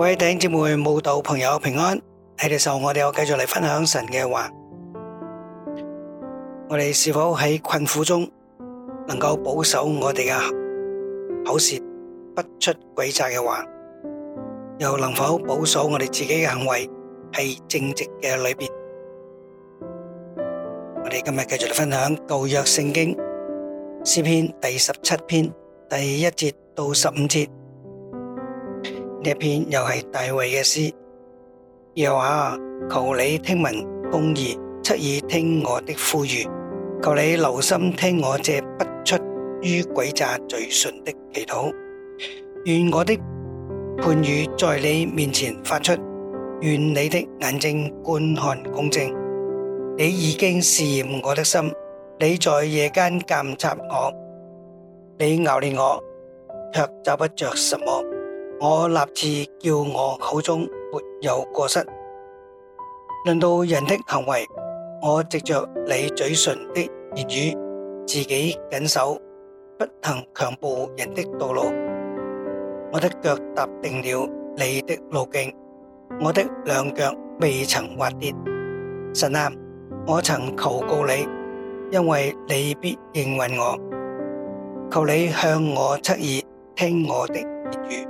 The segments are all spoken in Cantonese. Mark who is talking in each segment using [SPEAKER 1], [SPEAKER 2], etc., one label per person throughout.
[SPEAKER 1] 各位弟兄姊妹、慕道朋友平安，喺呢個時候我哋又繼續嚟分享神嘅話。我哋是否喺困苦中能夠保守我哋嘅口舌不出詭詐嘅話，又能否保守我哋自己嘅行為喺正直嘅裏邊？我哋今日繼續嚟分享舊約聖經詩篇第十七篇第一節到十五節。呢一篇又係大衛嘅詩，又話：求你聽聞公義，側耳聽我的呼籲，求你留心聽我這不出於詭詐嘴唇的祈禱。願我的判語在你面前發出，願你的眼睛觀看公正。你已經試驗我的心，你在夜間監察我，你熬煉我，却找不着什麼。我立志叫我口中沒有過失。論到人的行為，我藉着你嘴唇的言語，自己謹守，不能強暴人的道路。我的腳踏定了你的路徑，我的兩腳未曾滑跌。神啊，我曾求告你，因為你必應允我。求你向我側耳聽我的言語。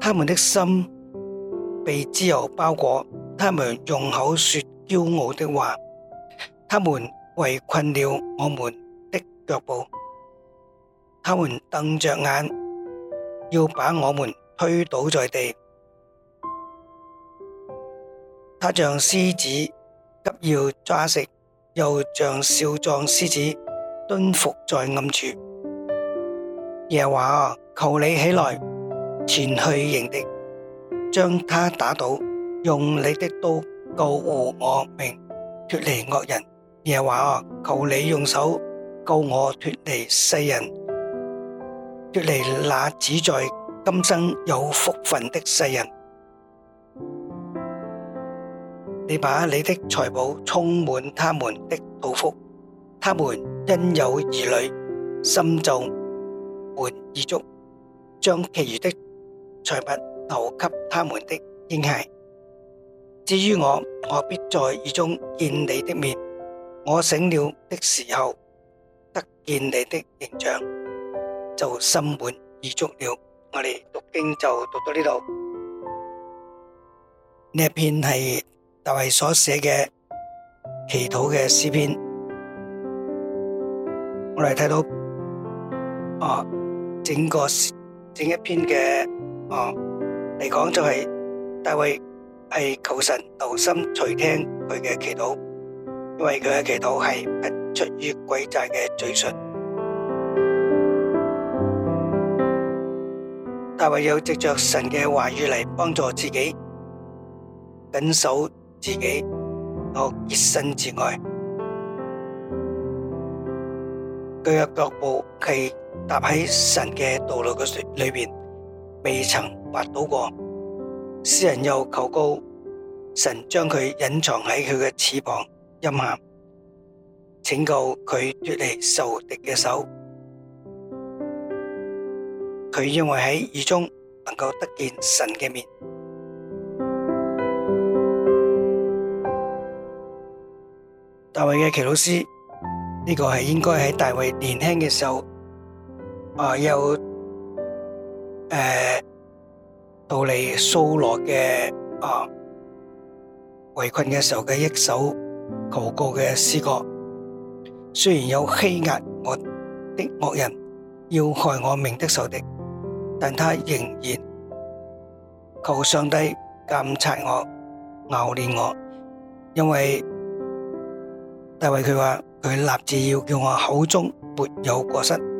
[SPEAKER 1] 他們的心被脂油包裹，他們用口說驕傲的話，他們圍困了我們的腳步，他們瞪着眼要把我們推倒在地。他像獅子急要抓食，又像少壯獅子蹲伏在暗處。耶華求你起來！前去迎敵，將他打倒，用你的刀救護我命，脫離惡人。耶華啊，求你用手救我脫離世人，脫離那隻在今生有福分的世人。你把你的財寶充滿他們的肚腹，他們因有兒女，心就滿意足，將其餘的。財物留給他們嘅嬰孩。至於我，我必在義中見你的面。我醒了的時候，得見你的形象，就心滿意足了。我哋讀經就讀到呢度。呢一篇係大衛所寫嘅祈禱嘅詩篇。我哋睇到哦，整個整一篇嘅。哦，嚟講就係大衛係求神留心隨聽佢嘅祈禱，因為佢嘅祈禱係不出於鬼債嘅罪信。大衛有藉着神嘅話語嚟幫助自己，緊守自己，我潔身自愛。佢嘅腳步係踏喺神嘅道路嘅裏邊。未曾滑倒過，詩人又求告神，將佢隱藏喺佢嘅翅膀蔭下，拯救佢脱離仇敵嘅手。佢因為喺雨中能夠得見神嘅面。大衛嘅祈禱詩，呢個係應該喺大衛年輕嘅時候，啊有。誒、嗯，到嚟蘇羅嘅啊圍困嘅時候嘅一首求告嘅詩歌，雖然有欺壓我的惡人要害我命的仇敵，但他仍然求上帝鑒察我、熬煉我，因為大衛佢話佢立志要叫我口中沒有過失。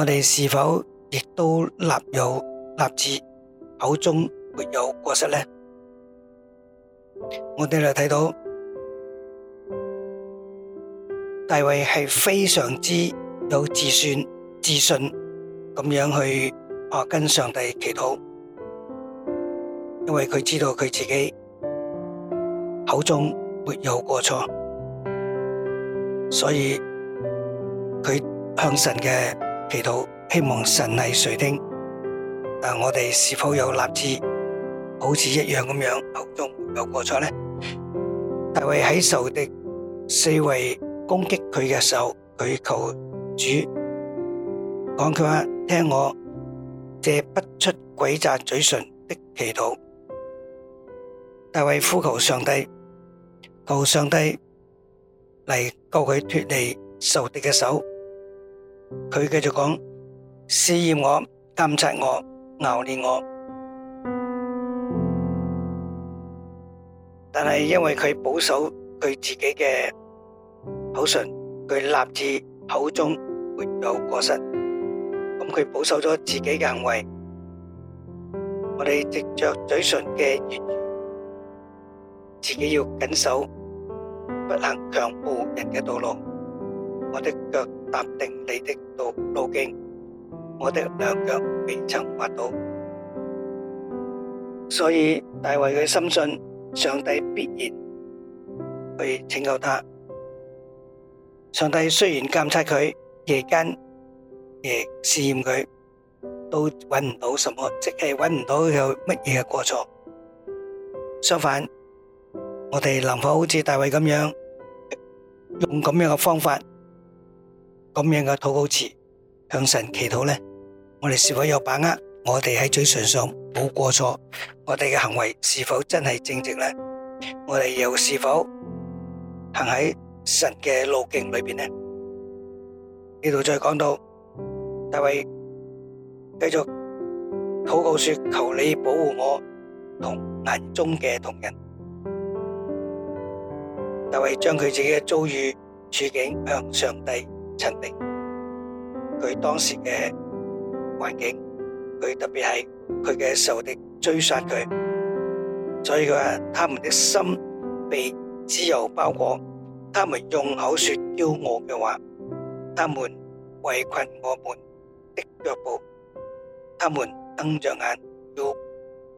[SPEAKER 1] 我哋是否亦都立有立志，口中沒有過失呢？我哋嚟睇到大衛係非常之有自尊、自信，咁樣去啊跟上帝祈禱，因為佢知道佢自己口中沒有過錯，所以佢向神嘅。祈禱希望神係垂聽，但係我哋是否有立志好似一樣咁樣口中冇過錯呢？大衛喺仇敵四圍攻擊佢嘅時候，佢求主講佢話聽我借不出詭詐嘴唇的祈禱。大衛呼求上帝，求上帝嚟救佢脱離仇敵嘅手。佢繼續講，試驗我，監察我，熬煉我，但係因為佢保守佢自己嘅口唇，佢立志口中沒有過失，咁佢保守咗自己嘅行為。我哋藉着嘴唇嘅言語，自己要謹守，不能強暴人嘅道路。我的腳踏定你的道路徑，我的兩腳未曾滑倒，所以大衛佢深信上帝必然去拯救他。上帝雖然監察佢，夜間，亦試驗佢，都揾唔到什麼，即係揾唔到有乜嘢嘅過錯。相反，我哋能否好似大衛咁樣，用咁樣嘅方法？咁樣嘅禱告詞向神祈禱咧，我哋是否有把握？我哋喺嘴唇上冇過錯，我哋嘅行為是否真係正直咧？我哋又是否行喺神嘅路徑裏邊咧？呢度再講到大衛繼續禱告說：求你保護我同眼中嘅瞳人。大衛將佢自己嘅遭遇處境向上帝。陳明佢當時嘅環境，佢特別係佢嘅仇敵追殺佢，所以佢話，他們的心被自由包裹，他們用口說驕傲嘅話，他們圍困我們的腳步，他們瞪着眼要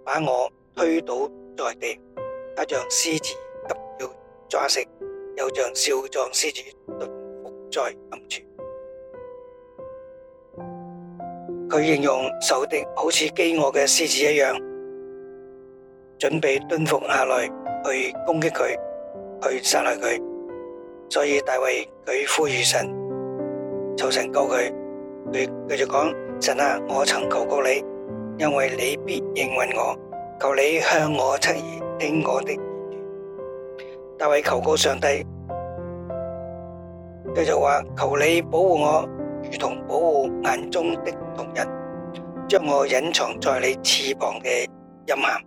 [SPEAKER 1] 把我推倒在地，他像獅子急要抓食，又像少壯獅子。在暗處，佢形容仇敵好似飢餓嘅獅子一樣，準備蹲伏下來去攻擊佢，去殺害佢。所以大衛佢呼籲神，求神救佢。佢繼續講：神啊，我曾求過你，因為你必應允我，求你向我側耳聽我的言語。大衛求告上帝。繼續話，求你保護我，如同保護眼中的瞳仁，將我隱藏在你翅膀嘅蔭下。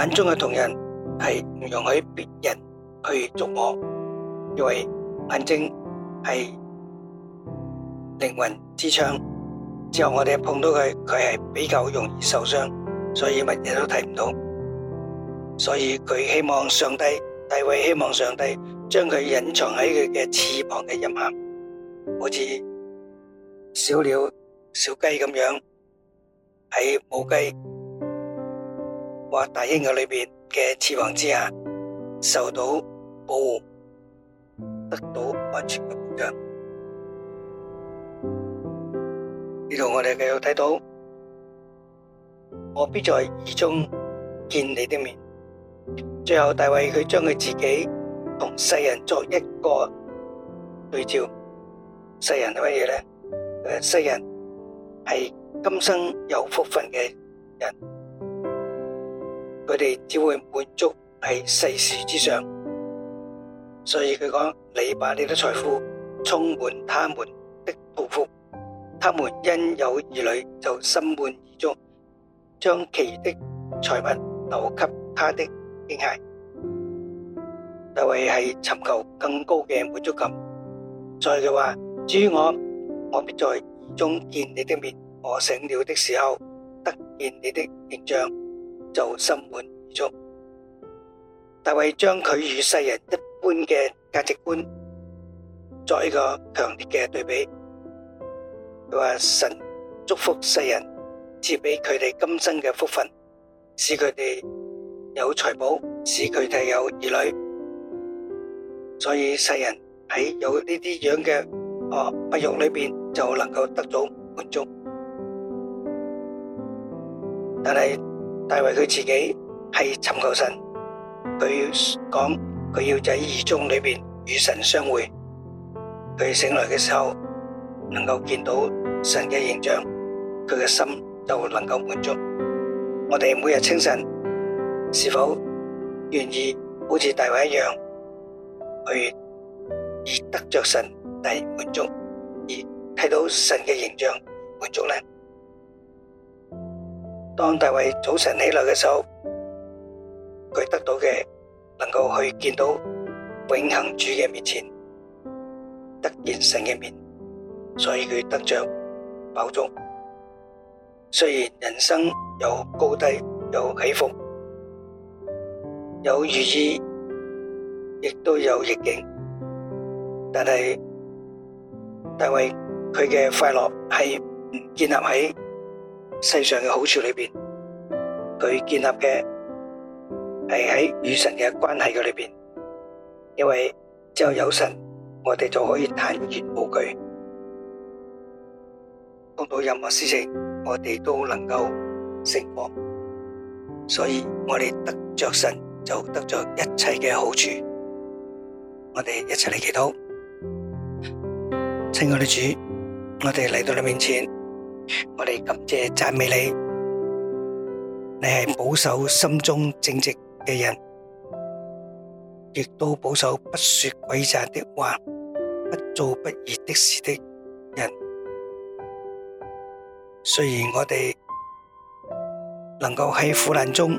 [SPEAKER 1] 眼中嘅瞳仁係唔容許別人去觸摸，因為眼睛係靈魂之窗，之後我哋一碰到佢，佢係比較容易受傷，所以乜嘢都睇唔到。所以佢希望上帝，大衛希望上帝將佢隱藏喺佢嘅翅膀嘅蔭下，好似小鳥、小雞咁樣喺母雞或大鷹嘅裏邊嘅翅膀之下，受到保護，得到安全嘅保障。呢度我哋繼續睇到，我必在義中見你的面。最後大衛佢將佢自己同世人作一個對照，世人係乜嘢咧？誒，世人係今生有福分嘅人，佢哋只會滿足喺世事之上，所以佢講：你把你的財富充滿他們的肚腹，他們因有兒女就心滿意足，將其餘的財物留給他的。定係大衛係尋求更高嘅滿足感。再嘅話，至於我，我必在雨中見你的面。我醒了的時候，得見你的形象，就心滿意足。大衛將佢與世人一般嘅價值觀作一個強烈嘅對比。佢話神祝福世人，賜俾佢哋今生嘅福分，使佢哋。有財寶，使佢哋有兒女，所以世人喺有呢啲樣嘅哦物欲裏邊就能夠得到滿足。但係大衛佢自己係尋求神，佢講佢要喺異象裏邊與神相會。佢醒來嘅時候能夠見到神嘅形象，佢嘅心就能夠滿足。我哋每日清晨。是否願意好似大衛一樣去以得着神嚟滿足，而睇到神嘅形象滿足呢？當大衛早晨起來嘅時候，佢得到嘅能夠去見到永恒主嘅面前，得見神嘅面，所以佢得着飽足。雖然人生有高低，有起伏。有愉悅，亦都有逆境，但係，但大衛佢嘅快樂係唔建立喺世上嘅好處裏邊，佢建立嘅係喺與神嘅關係嘅裏邊，因為只有有神，我哋就可以坦然無懼，碰到任何事情，我哋都能夠成功，所以我哋得着神。就得咗一切嘅好處，我哋一齊嚟祈禱。親愛的主，我哋嚟到你面前，我哋感謝讚美你。你係保守心中正直嘅人，亦都保守不說詭詐的話，不做不義的事的人。雖然我哋能夠喺苦難中。